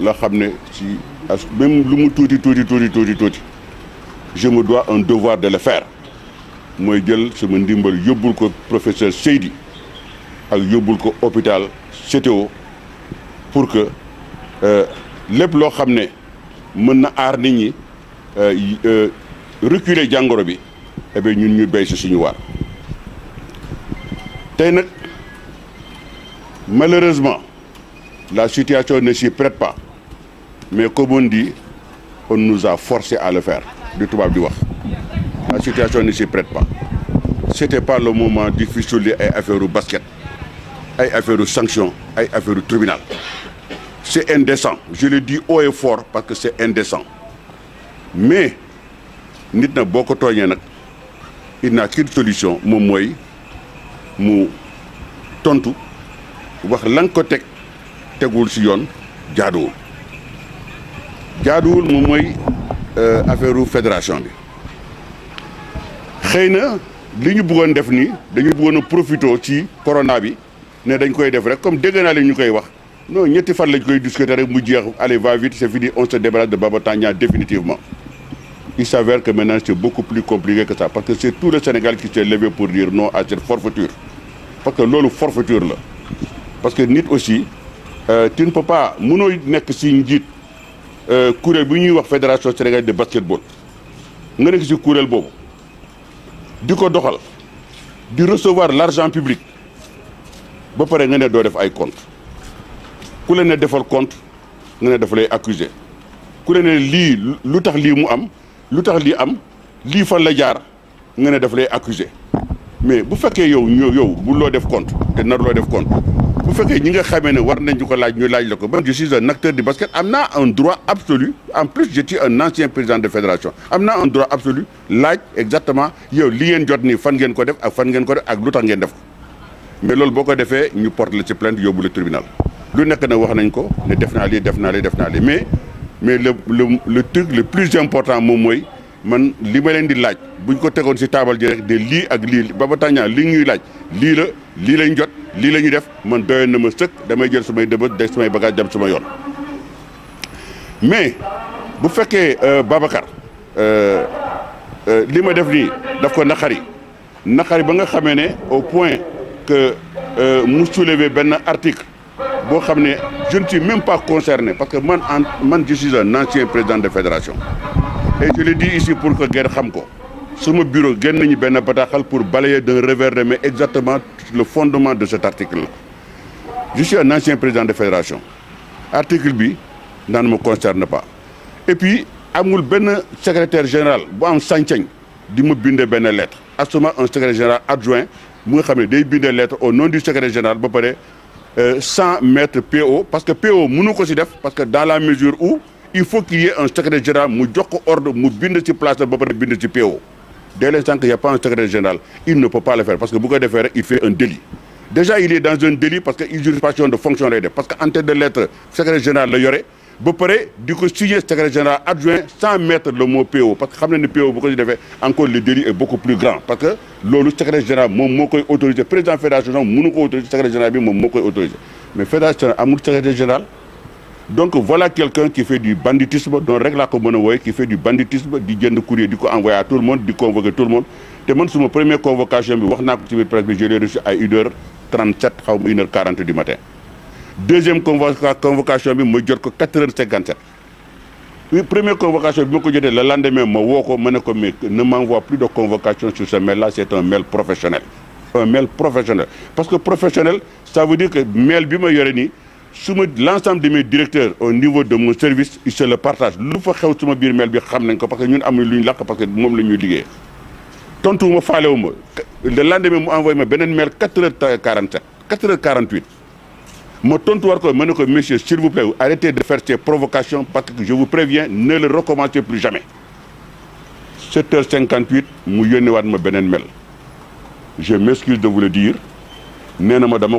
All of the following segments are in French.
la xamné ne ci même lu mu tuuti tuuti tuuti tuuti je me dois un devoir de le faire moy jël sama ndimbal yobul ko professeur Seydi ak yobul ko hôpital CTO pour que euh lepp lo xamné mën na aar nit ñi euh, euh, reculer jangoro bi eh ñun ñu béy ci suñu war tay nak malheureusement la situation ne s'y prête pas mais comme on dit on nous a forcé à le faire de tout la situation ne s'y prête pas Ce n'était pas le moment difficile fistule ay affaire basket ay faire sanction ay affaire le tribunal c'est indécent je le dis haut et fort parce que c'est indécent mais nous avons beaucoup de Il il n'a qu'une solution moom moi, mu tontu wax lan ko jaaduwul moom euh, fait la fédération bi xeyna liñu li def ni dañu bëggoon profito ci corona bi né dañ koy def rek comme dégg naa leen ñu wax non ñetti fan lañ koy discuter rek mu jeex allez va vite c'est fini on se débarrasse de Babatania définitivement il s'avère que maintenant c'est beaucoup plus compliqué que ça parce que c'est tout le Sénégal qui s'est levé pour dire non à cette forfaiture parce que une forfaiture la parce que nit aussi euh, tu ne peux pas mënoo que si njit euh, kuréel bi ñuy la fédération sénégalaise de basketball nga ci kuréel diko doxal di recevoir l'argent public ba paré nga ne def ay compte ku ne defal compte nga ne accuser ku leen ne mu am lutax li am la ne accuser mais bu vous yow yow bu vous def compte té nar lo def compte bu war ko laaj ñu laaj je suis un acteur du basket amna un droit absolu en plus je suis un ancien président de fédération amna un droit absolu laaj exactement yow li ngeen jot ni fan ngeen ko def ak fan ngeen ko mais lool vous défé ñu porte la ci plainte yóbbu tribunal lu nekk na wax nañ ko né def na def mais mais le le truc le plus important moom man li ma leen di laaj buñ ko tegoon ci table ji de li ak li Baba Tandian li ñuy laaj li la li lañ jot li lañu def man doyoon na ma sëkk damay jël sumay dëbët def sumay bagage dem suma yoon mais bu fekkee euh, Babacar euh, euh, li ma def ni daf ko naqari naqari ba nga xamé né au point que mu soulever ben article bo xamné je ne suis même pas concerné parce que man man je suis un ancien président de fédération et je le dis ici pour que guerre. xam Sur mon bureau génn nañu benn pour balayer d'un revers de main exactement le fondement de cet article là je suis un ancien président de fédération article ça ne me concerne pas et puis a un secrétaire général bu am di ma binde lettre moment, un secrétaire général adjoint mu vais xam des lettre au nom du secrétaire général sans mettre PO parce que PO nous ko considérons def parce que dans la mesure où il faut qu'il y ait un secrétaire général qui donne ordre de bind place ba bind ci PO dès l'instant qu'il n'y a pas un secrétaire général il ne peut pas le faire parce que bu ko il fait un délit déjà il est dans un délit parce que usurpation de fonction de parce qu'en tête de lettre secrétaire général le yore ba pare du ko signer secrétaire général adjoint sans mettre le mot PO parce que quand PO bu ko encore le délit est beaucoup plus grand parce que le secrétaire général mon mot pas autorisé président fédération mon ko autorisé secrétaire général bi moom moo autorisé mais fédération secrétaire général donc voilà quelqu'un qui fait du banditisme donc règle la ko qui fait du banditisme qui vient courrier courir, qui à tout le monde du convoquer tout le monde Demande sur ma première convocation je l'ai reçu à 1h37, ou 1 h du matin deuxième convocation je l'ai reçu à 4h57. oui première convocation le lendemain je ne m'envoie plus de convocation sur ce mail là c'est un mail professionnel un mail professionnel parce que professionnel ça veut dire que mail bi ma reçu, l'ensemble de mes directeurs au niveau de mon service ils se le partagent Nous fa xew suma biir bien bi ko parce que ñun avons une lune là parce que nous la ñuy liggéey tontu ma faalewu ma le lendemain mu envoyé ma beneen mel 4 h 47 4 h 48 Mon tontuwaat ko ma monsieur s'il vous plaît arrêtez de faire ces provocations parce que je vous préviens ne le recommencez plus jamais 7 h 58 mu yónnewaat ma beneen mail je m'excuse de vous le dire nee suis ma dama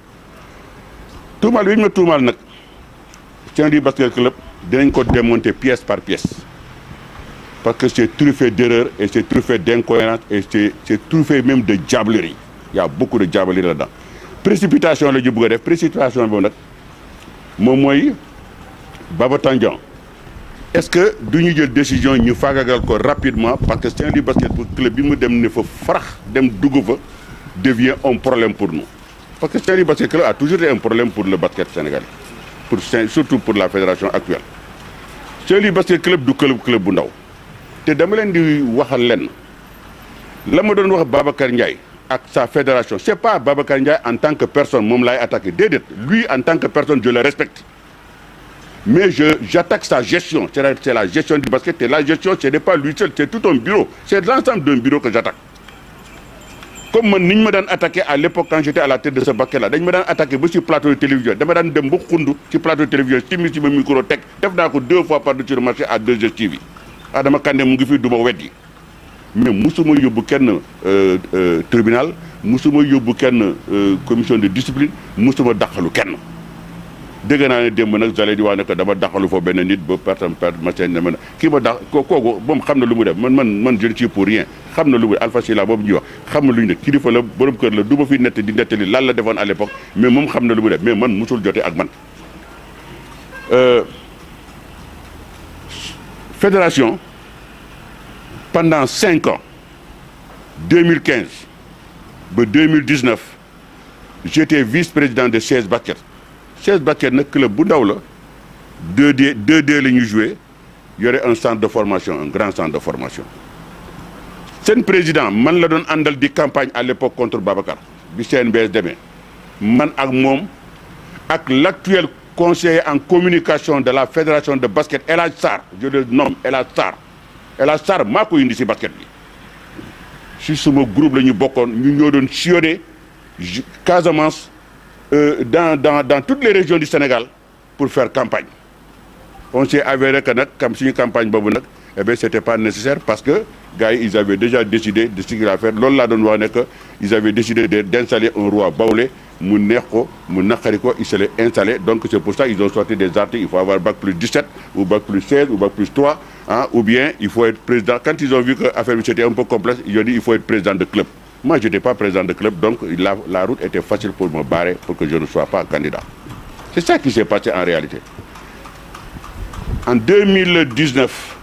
tout mal, tout mal. nak. nag saint du Basket Club d'un côté démonter pièce par pièce parce que c'est truffé d'erreurs, et c'est truffé d'incohérence et c'est c'est truffé même de diablerie y a beaucoup de diablerie là-dedans précipitation la ñu précipitation bon, nak. Baba Tandian est-ce que nous avons jël décision ñu faire ko rapidement parce que saint du Basket Club bi mu dem il fa farax dem devient un problème pour nous parce que ce Basket Club a toujours été un problème pour le basket sénégalais, surtout pour la fédération actuelle. Ce Basket Club du club club bu ndaw Je dama leen di waxal je Babacar Ndiaye sa fédération c'est pas Babacar Ndiaye en tant que personne qui l'ai attaqué lui en tant que personne je le respecte mais j'attaque sa gestion c'est la gestion du basket C'est la gestion ce n'est pas lui seul c'est tout un bureau c'est l'ensemble d'un bureau que j'attaque comme man ni ñu ma daan attaqué à l'époque quand j'étais à la tête de ce baquet là dañ ma daan attaqué ba sur plateau de télévision dama daan dem ba xund ci plateau de télévision ci mi ci def naa ko deux fois par dessus le marché à 2STV Adama Kandé mu ngi fii du ma weddi mais musuma yóbbu kenn euh, euh, tribunal musuma yóbbu kenn euh, commission de discipline musuma dàqalu kenn dégg naa ne démb nag Jalle di wax ne que dama daxalu foofu benn nit ba perte perte matin ne ma ki ma dax ko ko bom xamna lu mu def man man man je ne suis pour rien xamna lu Alpha sila boobu di wax xamna na lu ne kilifa la borom keur la du ma fi net di nettali lan la defone à l'époque mais mom xamna lu mu def mais man musul joté ak man euh fédération pendant 5 ans 2015 ba 2019 j'étais vice-président de 16 basket Thiès Bakel le club bu ndaw 2D 2D il y aurait un centre de formation un grand centre de formation C'est le président man la doon andal campagne à l'époque contre Babacar bi CNBS demee man ak moom avec l'actuel conseiller en communication de la fédération de basket El je le nomme El Hadj El Sarr indi si basket bi si suma groupe nous avons bokkoon ñu ñoo Casamance euh, dans, dans, toutes les régions du Sénégal pour faire campagne. On s'est avéré que comme si une campagne eh ben, c'était pas nécessaire parce que gars ils avaient déjà décidé de ce qu'il allait faire. la ils avaient décidé d'installer un roi baoulé mu se installé donc c'est pour ça qu'ils ont sorti des articles il faut avoir bac plus 17 ou bac plus 16 ou bac plus 3 hein, ou bien il faut être président quand ils ont vu que l'affaire était un peu complexe ils ont dit qu'il faut être président de club moi, je n'étais pas président de club, donc la, route était facile pour me barrer pour que je ne sois pas candidat. C'est ça qui s'est passé en réalité. En 2019,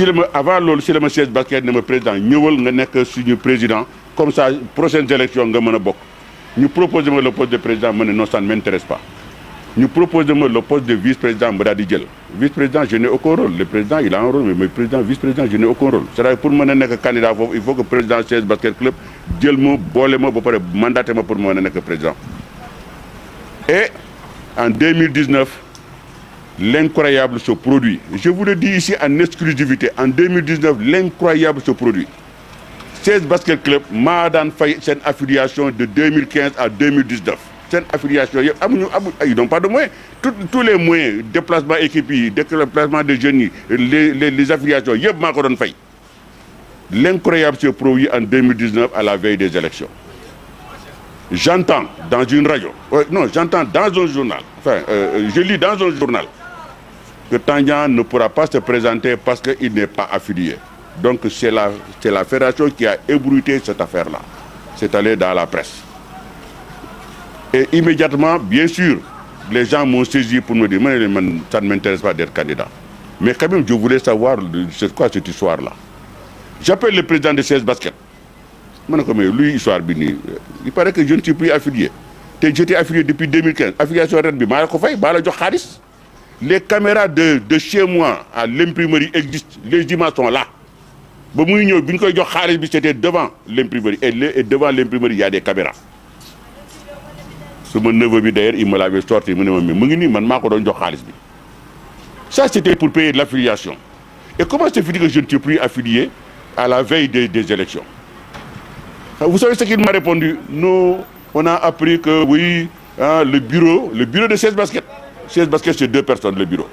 le, avant le, si le monsieur Basket ne me président, nous président, comme ça, prochaines élections, nous proposons le poste de président, mais non, ça ne m'intéresse pas. Nous proposons le poste de vice-président Mouradi Diel. Vice-président, je n'ai aucun rôle. Le président, il a un rôle, mais président, vice-président, je n'ai aucun rôle. C'est-à-dire pour moi, candidat, il faut que le président 16 basket club, Diel me, bolé me, pour moi, pour moi, président. Et en 2019, l'incroyable se produit. Je vous le dis ici en exclusivité. En 2019, l'incroyable se produit. 16 basket club, Madan Faye, c'est affiliation de 2015 à 2019 cette affiliation ils n'ont pas de moyens tous les moyens déplacement équipe déplacement de jeunes les les affiliations ils y une faille. l'incroyable se produit en 2019 à la veille des élections j'entends dans une radio euh, non j'entends dans un journal enfin euh, euh, je lis dans un journal que Tangian ne pourra pas se présenter parce qu'il n'est pas affilié donc c'est la la fédération qui a ébruité cette affaire-là c'est allé dans la presse et immédiatement, bien sûr, les gens m'ont saisi pour me dire ça ne m'intéresse pas d'être candidat. Mais quand même, je voulais savoir c'est quoi cette histoire-là. J'appelle le président de CS Basket. Lui, histoire Il paraît que je ne suis plus affilié. J'étais affilié depuis 2015. Affiliation Les caméras de, de chez moi à l'imprimerie existent. Les images sont là. C'était devant l'imprimerie. Et devant l'imprimerie, il y a des caméras mon neveu d'ailleurs il me l'avait sorti man ça c'était pour payer de l'affiliation et comment c'est fini que je ne suis plus affilié à la veille des, élections ah, vous savez ce qu'il m'a répondu nous on a appris que oui hein, le bureau le bureau de 16 baskets 16 baskets c'est deux personnes le bureau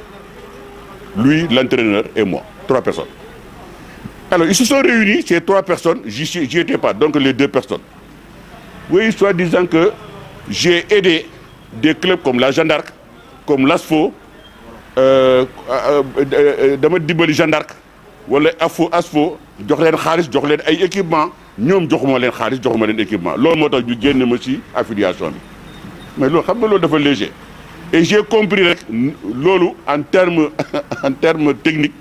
lui l'entraîneur et moi trois personnes alors ils se sont réunis ces trois personnes j'y étais pas donc les deux personnes oui soit disant que j'ai aidé des clubs comme la Gendarme, comme l'ASFO, euh, euh, euh, euh Damad Gendarme, Jeanne d'Arc, wala AFO ASFO jox leen xaalis jox leen ay équipement ñoom joxuma leen xaalis joxuma leen équipement loolu moo tax ñu ma ci affiliation mais loolu xam nga loolu dafa léger et j'ai compris rek en terme en terme technique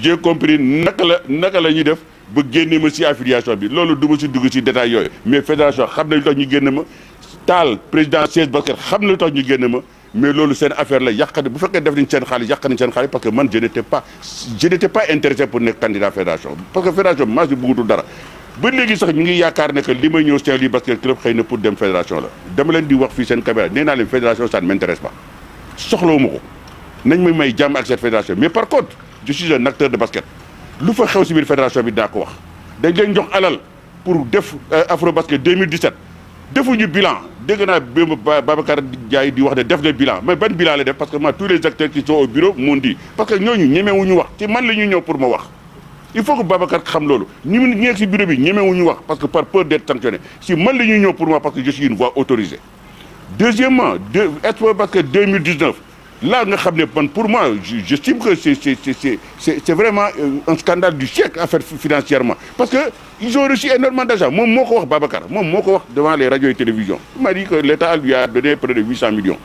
j'ai compris naka la naka la ñuy def ba génne ma ci affiliation bi loolu du ma ci dugg ci détail yooyu mais fédération xam nañ lu tax ñu génn ma tal président siège Babacar xam na ñu génn ma mais loolu seen affaire la yàq bu fekké def ni sen xaalis yàq nañ seen xaalis parce que man je n'étais pas je n'étais pas intéressé pour nekk candidat fédération parce que fédération bi maa si dara ba légui sax ñu ngi yaakaar ne que li may ñëw parce que basket club xeyna pour dem fédération la dama len di wax fi sen caméra néna naa fédération ça ne m'intéresse pas soxlawuma nañ may may jàmm ak cette fédération mais par contre je suis un acteur de basket lu fa xew ci biir fédération bi da ko wax dañ leen jox alal pour def afro basket 2017 ñu bilan Dès que bémb Babacar Diaye di wax faire def bilans, bilan mais ban bilan la def parce que tous les acteurs qui sont au bureau m'ont dit parce que nous, ñemewuñu wax pas man la ñuy ñëw pour ma wax il faut que Babacar xam loolu Nous, nous sommes si bureau bi wax parce que par peur d'être sanctionné C'est man qui ñëw pour ma parce que je suis une voix autorisée deuxièmement de Expo Basket 2019 là pour moi j'estime que c'est vraiment euh, un scandale du siècle à faire financièrement parce que ont reçu énormément d'argent moom moo Babacar moom devant les radios et télévisions il m'a dit que l'État lui a donné près de 800 millions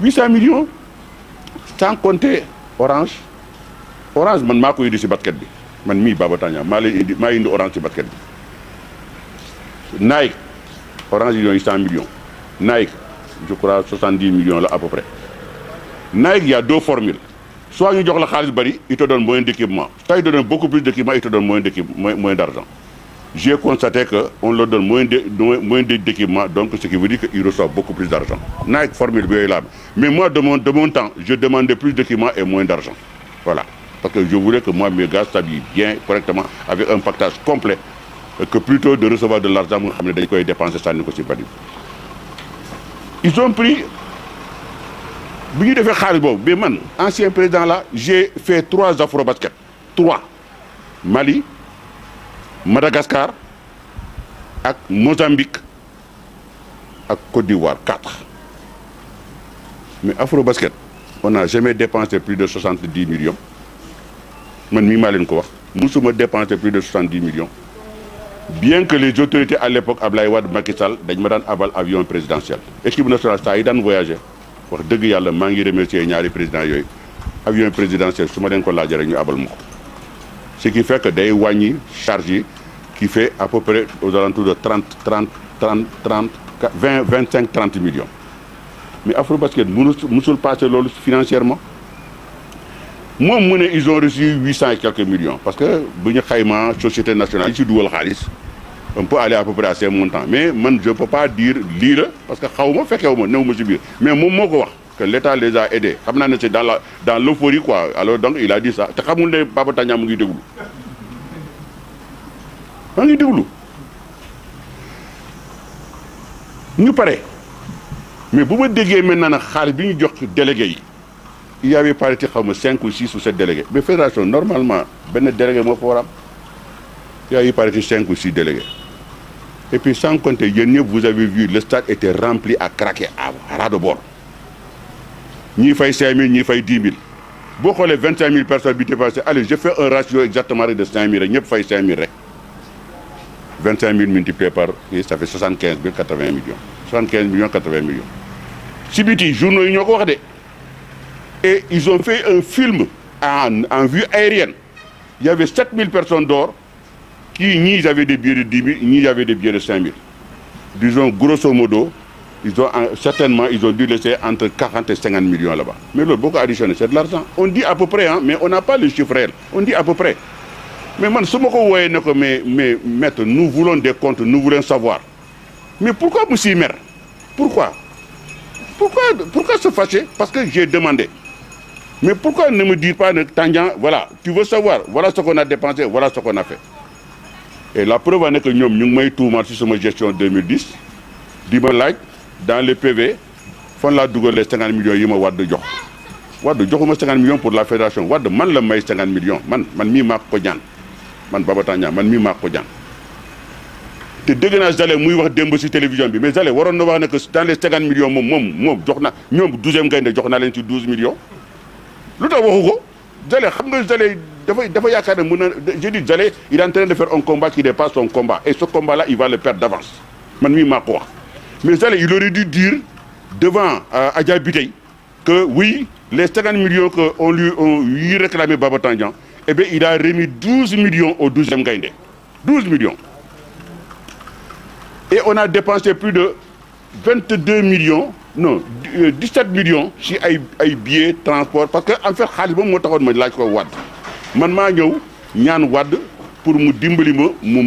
800 millions sans compter Orange Orange man suis ko de pas basket man mii Baba indi Orange ce basket Nike Orange ont 100 millions Nike je crois 70 millions là à peu près Nike il y a deux formules soit ils la bari il te donne moins d'équipement soit ils te donne beaucoup plus d'équipement il te donne moins d'argent j'ai constaté qu'on leur donne moins de d'équipement donc ce qui veut dire qu'ils reçoivent beaucoup plus d'argent Nike formule mais moi de mon de temps je demandais plus d'équipement et moins d'argent voilà parce que je voulais que moi mes gars s'habillent bien correctement avec un pactage complet que plutôt de recevoir de l'argent je nga dépenser ne dañ pas du tout ils ont pris bien défé ancien président là j'ai fait trois afro basket trois Mali Madagascar Mozambique Côte d'Ivoire quatre mais afro basket on n'a jamais dépensé plus de 70 millions man mi maa ko wax musuma dépensé plus de 70 millions bien que les autorités à l'époque à Blaïwad Makissal Aval avion présidentiel. L'équipe ce ça nous été voyagé. Pour deux gars, le mangi remercier les Président, présidents. Avion présidentiel, ce matin, Ce qui fait que des wani chargés qui fait à peu près aux alentours de 30, 30, 30, 30, 20, 25, 30 millions. Mais Afro-Basket, nous ne pouvons pas financièrement. Moi, moi, ils ont reçu 800 et quelques millions parce que bu ñu xayma société nationale si dugal on peut aller à peu près à ces montants mais moi, je peux pas dire lire parce que je ne sais pas, néew mais moi moo que l'État les a aidés xam dans l'euphorie, quoi alors donc il a dit ça te xamul ne Baba Tandian mu ngi Il maa ngi déglu ñu mais bu me déggee maintenant nag xaalis bi ñu jox délégué il y avait par exemple 5 ou 6 ou 7 délégués. Mais fédération, normalement, ben délégué mon forum, il y a par 5 ou 6 délégués. Et puis sans compter, vous avez vu, le stade était rempli à craquer, à ras de bord. Ni 5 000, ni faille 10 000. Beaucoup les 25 000 personnes habitées par allez, je fais un ratio exactement de 5 000, ni faille 5 000. 25 000 multiplié par, ça fait 75 000, 80 millions. 75 000 80 millions. Si petit, journaux, et ils ont fait un film en, vue aérienne. Il y avait 7000 personnes d'or qui ni avaient des billets de 10 000, ni avaient des billets de 5 000. Disons, grosso modo, ils ont, certainement, ils ont dû laisser entre 40 et 50 millions là-bas. Mais le beaucoup additionné, c'est de l'argent. On dit à peu près, hein, mais on n'a pas le chiffre On dit à peu près. Mais maintenant, mais, mais maître, nous voulons des comptes, nous voulons savoir. Mais pourquoi, monsieur maire Pourquoi pourquoi, pourquoi se fâcher Parce que j'ai demandé. Mais pourquoi ne me dire pas, Tangian, voilà, tu veux savoir, voilà ce qu'on a dépensé, voilà ce qu'on a fait. Et la preuve est que nous, nous avons tout marché sur ma gestion 2010. dans le PV, font la double les 50 millions, nous m'ont de Wad 50 millions pour la fédération. Wad de man le maïs 50 millions. Man, man mi kodjan. Man man mi kodjan. te muy wax télévision mais Jalle waroon wax dans les 50 millions moom moom nous, jox na nous, douzième gaynde jox nous ci millions il est en train de faire un combat qui dépasse son combat et ce combat là il va le perdre d'avance mais il aurait dû dire devant euh, Adja que oui les 50 millions qu'on lui lui réclamait Baba eh il a remis 12 millions au 12e Gaïndé 12 millions et on a dépensé plus de 22 millions non 17 euh, millions ci ay ay billets transport parce que en fait xaalis mo taxone ma laaj ko wad man ma ñëw ñaan wad pour mu dimbali ma mu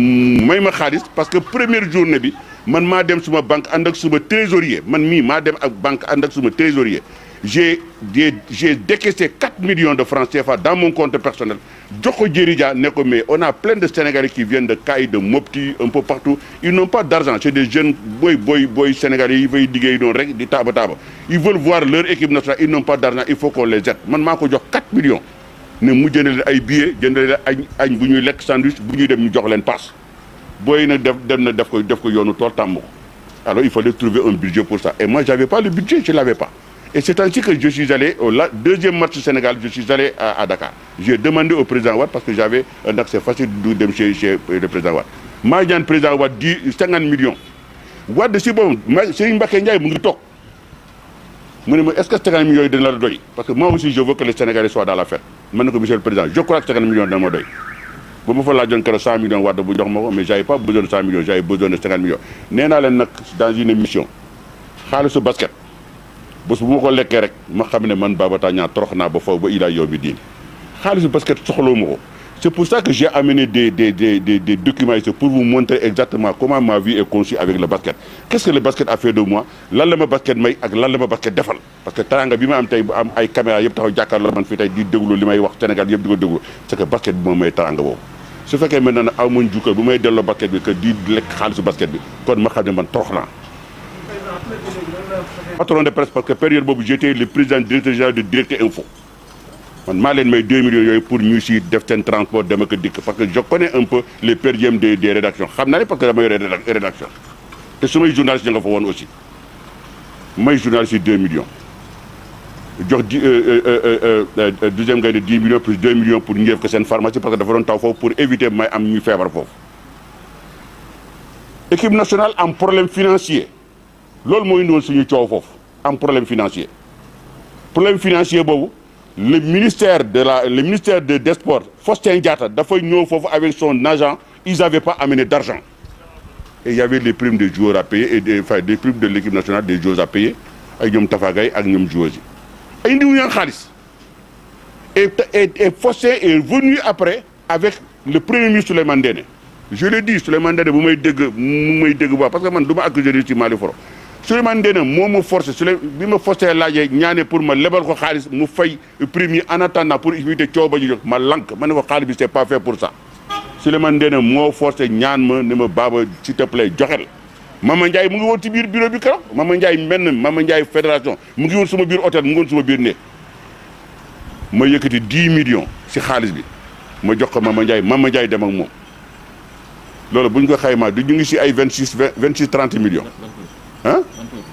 may ma xaalis parce que première journée bi man ma dem suma banque andak suma trésorier man mi ma dem ak banque andak suma trésorier j'ai décaissé 4 millions de francs CFA dans mon compte personnel. on a plein de Sénégalais qui viennent de Caille, de Mopti, un peu partout. Ils n'ont pas d'argent. C'est des jeunes boy, boy, boy Sénégalais. Ils veulent diguer, ils veulent voir leur équipe nationale. Ils n'ont pas d'argent. Il faut qu'on les aide. Maintenant, a 4 millions. Nous avons des billets, nous avons des sandwich, nous ont des passes. Boy, des billets Alors, il fallait trouver un budget pour ça. Et moi, je n'avais pas le budget, je ne l'avais pas. Et c'est ainsi que je suis allé au deuxième match du Sénégal, je suis allé à, Dakar. J'ai demandé au président Watt parce que j'avais un accès facile de chez, le président Watt. Marianne président Watt dit 50 millions. Watt c'est bon, c'est une bakendia et Mungitok. Est-ce que 50 millions de la doy Parce que moi aussi je veux que les Sénégalais soient dans l'affaire. Maintenant monsieur le président, je crois que 50 millions de la doy. Je me que 100 millions de dollars, mais je n'avais pas besoin de 100 millions, j'avais besoin de 50 millions. Je suis dans une émission. Je basket bés bu ma ko lekkee rek ma xamne man Baba Tandian troxna ba fo ba ila yow bi diin xaalis parce que soxlawu ko c'est pour ça que j'ai amené des, des, des, des, des documents pour vous montrer exactement comment ma vie est conçue avec le basket. Qu'est-ce que le basket a fait de moi L'allemand ma basket lan la l'allemand basket defal Parce que tant que je am ay caméra yeb taxaw jakarlo man fi tay di deglu limay wax Sénégal yeb diko deglu c'est que basket bi may taranga bobu. Su fekke maintenant aw mon bu may delo basket bi que di lek xaalisu basket bi kon ma xam man troxna patron de presse parce que période bobu j'étais le président directeur général de Direct Info man 2 millions pour ñu ci def transport parce que je connais un peu les périèmes des des rédactions Je naa ne parce que dama yore rédaction rédactions. Je journaliste nga fa aussi may journaliste 2 millions jox euh, euh, euh, deuxième gars de 10 millions plus 2 millions pour ñu que sen pharmacie parce que dafa don taw temps pour éviter may am me fièvre foofu équipe nationale a un problème financier lol moy indiwoon suñu coow am problème financier problème financier bobu le ministère de la le ministère de des sports Faustin Diatta fay ñow fofu avec son agent ils avaient pas amené d'argent et il y avait les primes des joueurs à payer et des enfin, des primes de l'équipe nationale des joueurs à payer ay ñom tafagay ak ñom joueurs yi ay indiwuñu xaliss et et et Faustin est venu après avec le premier ministre Souleymane Ndéné je l'ai dit Souleymane Ndéné bu may dégg mu may dégg parce que man duma accuser accusé ci Mali Foro Souleymane Ndéné moo ma forcé Souley bi ma forcé laajee ñaane pour me lebal ko xaalis mu fay premier yi en attendant pour éviter coow ñu jóg ma lank mané ne ko xaalis c'est pas fait pour ça Souleymane Dene mo forcé ñaan ma ne ma baba s'il te plaît joxel Mama Ndiaye mu ngi woon ci biir bureau bi keroog Mama Ndiaye mbenn Mama Ndiaye fédération mu ngi woon suma biir hôtel mu ngi suma biir né ma yëkëti 10 millions ci xaalis bi ma jox ko Mama Ndiaye Mama Ndiaye dem ak moom loolu buñ ko xaymaa du ñu ngi ci ay 26, 26, 30 millions Hein?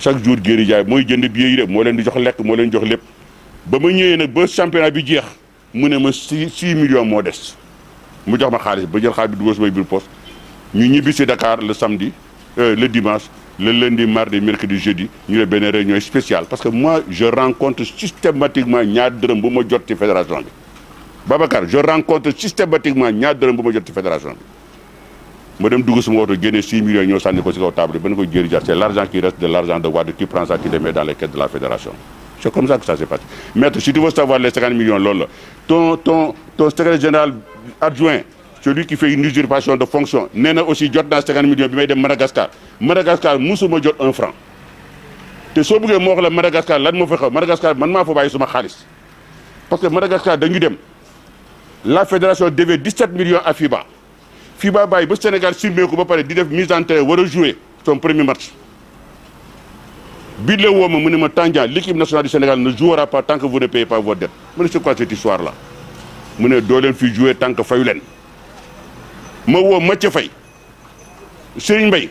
chaque jour Géry Ndiaye jënd yi leen di jox lekk mo leen jox championnat bi jeex mu millions de des mu jox ma jël poste Dakar le samedi euh, le dimanche le lundi mardi mercredi jeudi nous avons une réunion spéciale parce que moi je rencontre systématiquement ñaar bu ma je rencontre systématiquement ñaar dërëm bu ma fédération madame 6 millions ñoo sandi ko ci table ko jëri c'est l'argent qui reste de l'argent de Wade qui prend ça qui le met dans les caisses de la fédération c'est comme ça que ça s'est passé maître si tu veux savoir les 50 millions lol. ton ton ton secrétaire général adjoint celui qui fait une usurpation de fonction n'est na aussi dans les 50 millions bi may dem Madagascar Madagascar musuma jot un franc té so bëggee moo la Madagascar lan mo fa xew Madagascar man ma fa suma xaliss parce que Madagascar dañu dem la fédération devait 17 millions à FIBA fii baa bàyyi ba Sénégal simmeeku ba pare di def mise en terre, war jouer son premier match bi la woo ma ma l'équipe nationale du Sénégal ne jouera pas tant que vous ne payez pas votre dette ma c'est quoi cette histoire là mu ne doo leen fi jouer tant que fayu leen ma woo Mathieu Faye Serigne Mbaye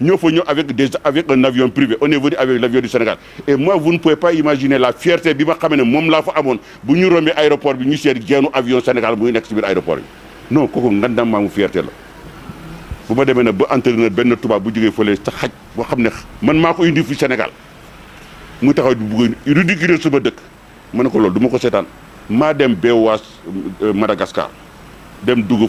Nous faisons avec, avec un avion privé. On est venu avec l'avion du Sénégal. Et moi, vous ne pouvez pas imaginer la fierté que nous nous à l'aéroport, nous avons un avion Sénégal, nous à l'aéroport. Non, c'est une fierté. bu ma demee nag ba entraîneur benn à bu Je suis sa xaj ne man maa indi fi Sénégal mu taxaw di je suis suma dëkk du Je suis euh, Madagascar dem du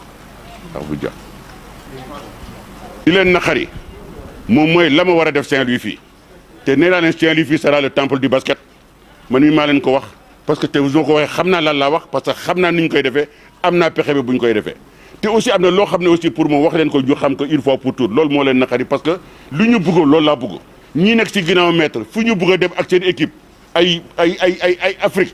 Il est di Nakhari, Saint-Louis te Saint-Louis sera le temple du basket Mon parce que tu vous ma ko la la parce que xam naa pas koy defee am naa pexe aussi Lo, aussi pour moi, wax une fois pour tout. parce que lu pour bëggoon Nous sommes bëgg ñii nous sommes maître fu dem équipe Afrique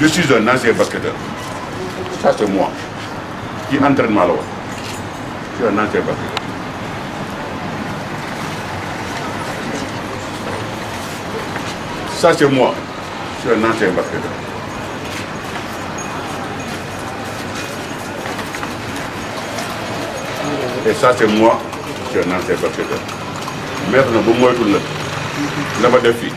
Je suis un ancien basketteur. Ça, c'est moi. Qui entraîne ma loi, Je suis un ancien basketteur. Ça, c'est moi. Je suis un ancien basketteur. Et ça, c'est moi. Je suis un ancien basketteur. Maintenant, vous m'avez tout le de Je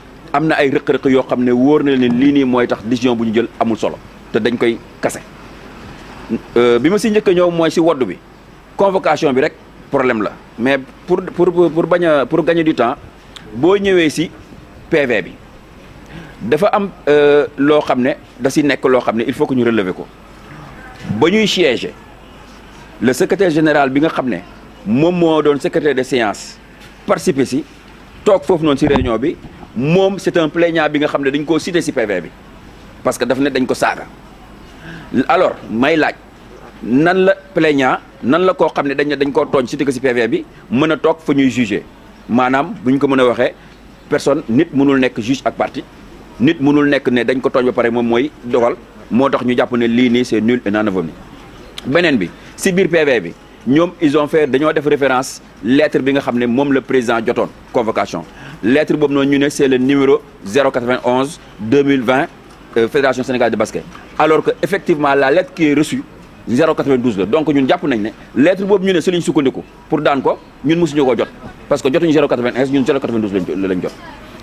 amna ay rek rek yo xamné ne wóor na leen lii nii mooy tax décision bu ñu jël amul solo té dañ koy kase euh bima si njëkk ñow moy mooy si wodd bi convocation bi rek problème la mais pour pour pour baña pour gagner du temps bo ñëwé ci PV bi dafa am euh lo xamné da ci nek lo xamné il faut que ñu relever ko ba ñuy siéger le secrétaire général bi nga xamné mom mo moo doon secrétaire de séance participer ci tok fofu non ci réunion bi. moom c'est un plaignant bi nga xam ne dañ koo cité si PV bi parce que daf ne dañ ko saaga alors may laaj nan la plaignant nan la koo xam ne dañ dañ koo tooñ cité ko ci PV bi mën a toog fa ñuy jugé maanaam bu ñu ko mën a waxee personne nit mënul nekk juge ak parti nit mënul nekk ne dañ ko tooñ ba pare moom mooy dogal moo tax ñu jàpp ne lii nii c'est nul na non avenu beneen bi si biir PV bi ñom ils ont fait référence def référence lettre bi nga xamné mom le président la convocation lettre Bob ñu c'est le numéro 091 2020 euh, fédération sénégalaise de basket alors que effectivement la lettre qui est reçue 092 Donc, nous ñun dit nañ né lettre Bob ñu né si pour dan ko ñun mosuñu koo jot parce que jotuñu 091 ñun 092 lañ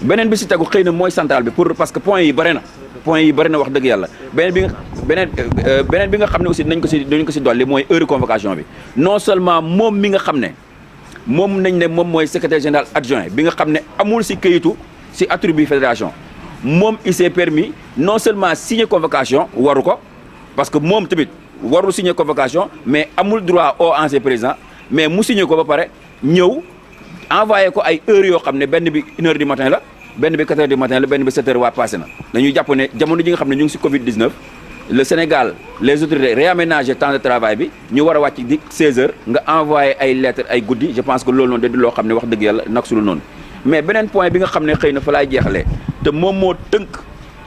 benen bi ci tagu xeyna moy central bi pour parce que point yi bare na point yi bëri na wax deug yalla benen bi benen euh, beneen bi nga xam aussi dinañ ko ci dañ ko ci dolli moy heure convocation bi non seulement mom mi nga xam mom nañ ne mom moy secrétaire général adjoint bi nga xam amul ci këyitu ci attribut fédération mom il s'est permis non seulement signer convocation waru ko parce que mom tamit waru signer convocation mais amul droit au ancien président mais mu signer ko ba paré ñew envoyé ko ay heure yo xamné benn bi 1 heure du matin la benn bi 4 heures du matin la benn bi 7 heures wa passé na dañuy jàpp ne jamono ji nga xamné ñu ngi si Covid 19 le Sénégal les autorités réaménager temps de travail bi ñu wara wacc wàcc 16 heures nga envoyé ay lettre ay goudi je pense que loolu non da lo xamné wax deug yalla nak sulu non mais benen point bi nga xamné xeyna fa lay jexlé te moom moo tënk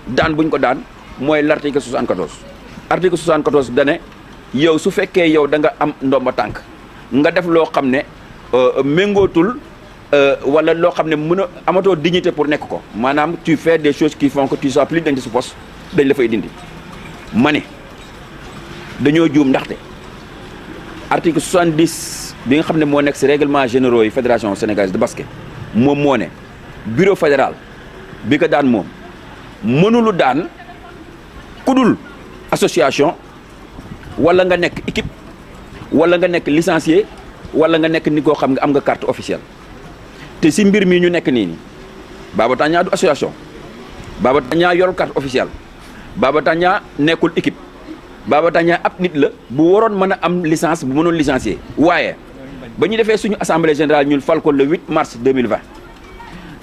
daan buñ ko daan moy l' article 74 article 74 dane yow su fekkee yow da nga am ndomba tank nga def lo xamné euh mengotul euh, wala loo xam ne mën a dignité pour nek ko manam tu fais des choses qui font que tu sois plus dans ce poste dañ la fay dindi mané ne dañoo juum ndaxte article 70 bi nga xamné mo nek ci règlement généraux yi fédération sénégalaise de basket mom moo bureau fédéral bi ko daan mom mënulu daan kudul association wala nga nek équipe wala nga nek licencié wala nga nek ni ko xam nga am nga carte officielle te si mbir mii ñu nekk nii nii Baba Tandian du association Baba Tandian yorul carte officielle Baba Tandian nekkul équipe Baba Tandian ab nit la bu waroon mën a am licence bu mënoon licencier waaye ba ñu defee suñu assemblée générale ñun fal ko le 8 mars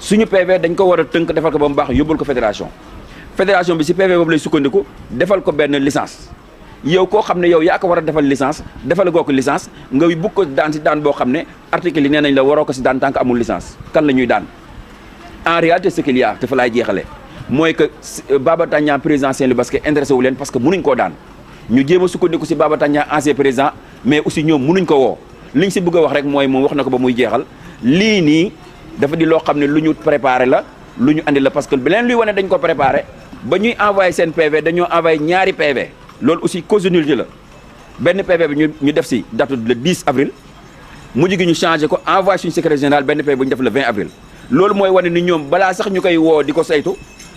suñu PV dañ ko war a tënk defal ko ba mu baax yóbbul ko fédération fédération bi si PV boobu lay sukkandiku defal ko benn licence yow koo xam ne yow yaa ko war a defal licence defal goo ko licence nga bugg ko daan si daan boo xam ne article yi nee nañ la waroo ko si daan tant que amul licence kan la ñuy daan en réalité ce qu'il y a te fa laay jeexale mooy que euh, Baba Tandian président Saint-Louis Basket intéressé wu leen parce que munuñ koo daan ñu jéem a sukkandiku si Baba Tandian ancien président mais aussi ñoom munuñ ko woo li ñu si bëgg a wax rek mooy moom wax na ko ba muy jeexal lii nii dafa di loo xam ne lu ñu préparé la lu ñu andi la parce que beneen luy wane dañ ko préparé ba ñuy envoyé seen PV dañoo envoyé ñaari PV C'est aussi cause la benn PV ñu def date le 10 avril mujj gi ñu changé ko envoie suñu secrétaire général benn PV def le 20 avril. loolu moy wone ni ñom bala sax ñukay wo diko saytu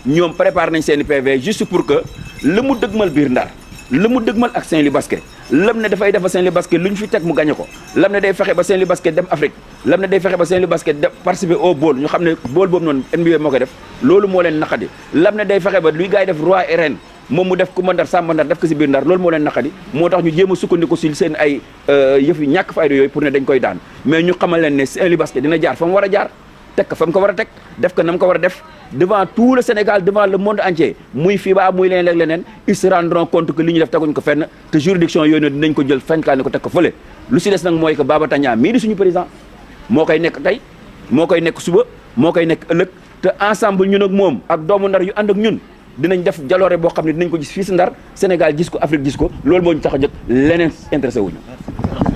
ñom préparé nañ seen PV juste pour que le mu deugmal bir Ndar le mu soit ak Saint-Louis Basket lam ne fay def Saint-Louis Basket luñ fi tek mu gagné ko lam ne day fexé ba Saint-Louis Basket dem Afrique lam ne day fexé ba Saint-Louis Basket participer au bowl ñu le monde soit non NBA moo def loolu mo len naqadi lam ne day monde ba luy gay def roi RN moom mu def ku ma ndar sàmm ndar def ko si biir ndar loolu moo leen naqadi moo ñu jéem a sukkandiku si seen ay euh, yëf yu ñàkk fayda yooyu pour ne dañ koy daan mais ñu xamal leen ne Saint-Louis Basket dina jaar fa mu jaar teg ko ko war a def ko na ko war def devant tout le Sénégal devant le monde entier muy FIBA muy leneen ak leneen ils se rendront compte que li ñu def teguñ ko fenn te juridiction yooyu noonu dinañ ko jël fenn kaa ne ko teg ko fële lu si des nag mooy que Baba Tandian mii di suñu président moo koy nekk tey moo suba moo koy nekk te ensemble ñun ak moom ak doomu ndar yu ànd ak ñun dinañ def jaloore boo xam ne dinañ ko gis fii si Ndar Sénégal gis ko Afrique gis ko loolu moo ñu tax a jot leneen intéressé wuñu